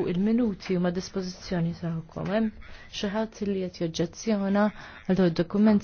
U il-minuti huma dispożizzjoni tagħkom hemm xi ħadd li qed joġġezzjona għal dokumenti